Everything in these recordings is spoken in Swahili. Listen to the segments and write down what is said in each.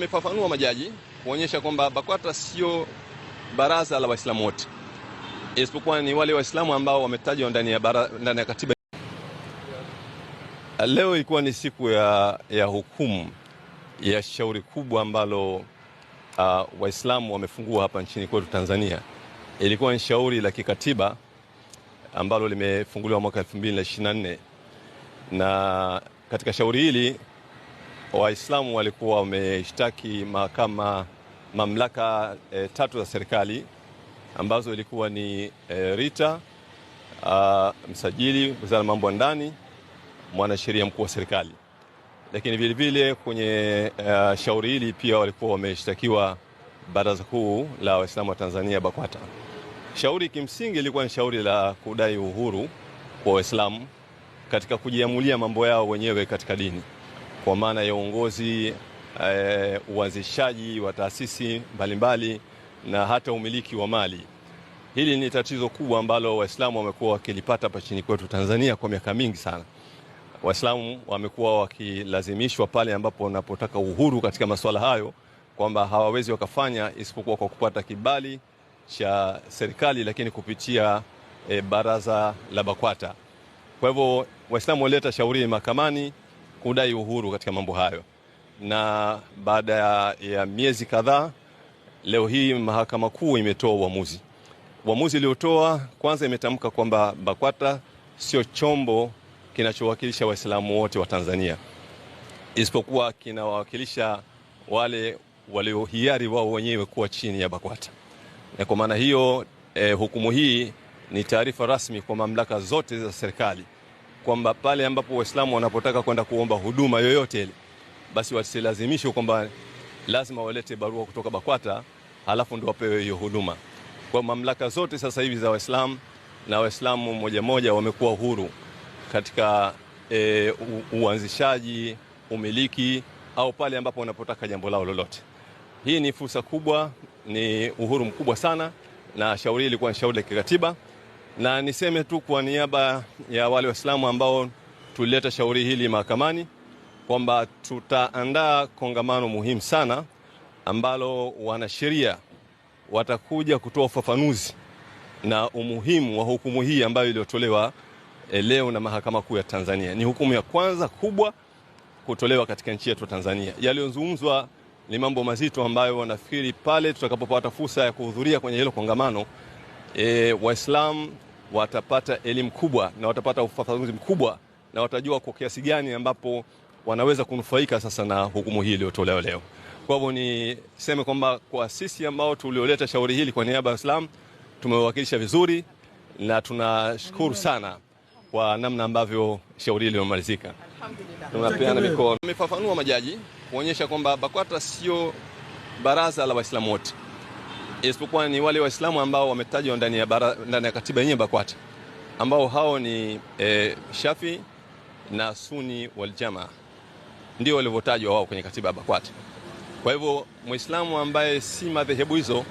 Amefafanua majaji kuonyesha kwamba BAKWATA sio baraza la Waislamu wote, isipokuwa ni wale Waislamu ambao wametajwa ndani ya, ndani ya katiba. Leo ilikuwa ni siku ya, ya hukumu ya shauri kubwa ambalo uh, Waislamu wamefungua hapa nchini kwetu Tanzania. Ilikuwa ni shauri la kikatiba ambalo limefunguliwa mwaka 2024 na katika shauri hili Waislamu walikuwa wameshtaki mahakama mamlaka e, tatu za serikali ambazo ilikuwa ni e, RITA a, ah, msajili, wizara ya mambo ya ndani, mwanasheria mkuu wa serikali. Lakini vilevile kwenye e, shauri hili pia walikuwa wameshtakiwa Baraza Kuu la Waislamu wa Tanzania BAKWATA. Shauri kimsingi ilikuwa ni shauri la kudai uhuru kwa Waislamu katika kujiamulia mambo yao wenyewe katika dini kwa maana ya uongozi e, uanzishaji wa taasisi mbalimbali na hata umiliki wa mali. Hili ni tatizo kubwa ambalo Waislamu wamekuwa wakilipata hapa chini kwetu Tanzania kwa miaka mingi sana. Waislamu wamekuwa wakilazimishwa pale ambapo wanapotaka uhuru katika masuala hayo kwamba hawawezi wakafanya isipokuwa kwa kupata kibali cha serikali, lakini kupitia e, baraza la BAKWATA. Kwa hivyo Waislamu walileta shauri mahakamani kudai uhuru katika mambo hayo, na baada ya, ya miezi kadhaa leo hii mahakama kuu imetoa uamuzi. Uamuzi uliotoa kwanza, imetamka kwamba BAKWATA sio chombo kinachowakilisha Waislamu wote wa Tanzania isipokuwa kinawawakilisha wale waliohiari wao wenyewe kuwa chini ya BAKWATA. Na kwa maana hiyo eh, hukumu hii ni taarifa rasmi kwa mamlaka zote za serikali kwamba pale ambapo Waislamu wanapotaka kwenda kuomba huduma yoyote ile, basi wasilazimishwe kwamba lazima walete barua kutoka BAKWATA halafu ndio wapewe hiyo huduma. Kwa mamlaka zote sasa hivi za Waislamu na Waislamu moja moja wamekuwa huru katika e, uanzishaji umiliki au pale ambapo wanapotaka jambo lao lolote. Hii ni fursa kubwa, ni uhuru mkubwa sana, na shauri ilikuwa ni shauri la kikatiba na niseme tu kwa niaba ya wale Waislamu ambao tulileta shauri hili mahakamani kwamba tutaandaa kongamano muhimu sana ambalo wanasheria watakuja kutoa ufafanuzi na umuhimu wa hukumu hii ambayo iliyotolewa eh, leo na Mahakama Kuu ya Tanzania. Ni hukumu ya kwanza kubwa kutolewa katika nchi yetu Tanzania. Yaliyozungumzwa ni mambo mazito ambayo wanafikiri pale tutakapopata fursa ya kuhudhuria kwenye hilo kongamano e, Waislamu watapata elimu kubwa na watapata ufafanuzi mkubwa na watajua kwa kiasi gani ambapo wanaweza kunufaika sasa na hukumu hii iliyotolewa leo. Kwa hivyo niseme kwamba kwa sisi ambao tulioleta shauri hili kwa niaba ya Waislamu tumewakilisha vizuri na tunashukuru sana kwa namna ambavyo shauri hili limemalizika. Tunapeana mikono. Tumefafanua majaji kuonyesha kwamba BAKWATA sio baraza la Waislamu wote isipokuwa ni wale Waislamu ambao wametajwa ndani ya, ya katiba yenyewe BAKWATA ambao hao ni e, Shafi na Suni waljamaa ndio walivyotajwa wao kwenye katiba ya BAKWATA. Kwa hivyo Muislamu ambaye si madhehebu hizo,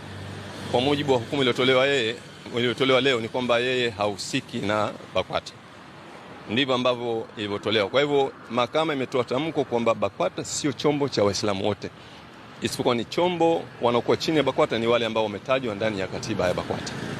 kwa mujibu wa hukumu iliyotolewa yeye iliyotolewa leo ni kwamba yeye hahusiki na BAKWATA. Ndivyo ambavyo ilivyotolewa. Kwa hivyo mahakama imetoa tamko kwamba BAKWATA sio chombo cha Waislamu wote isipokuwa ni chombo wanaokuwa chini ya BAKWATA ni wale ambao wametajwa ndani ya katiba ya BAKWATA.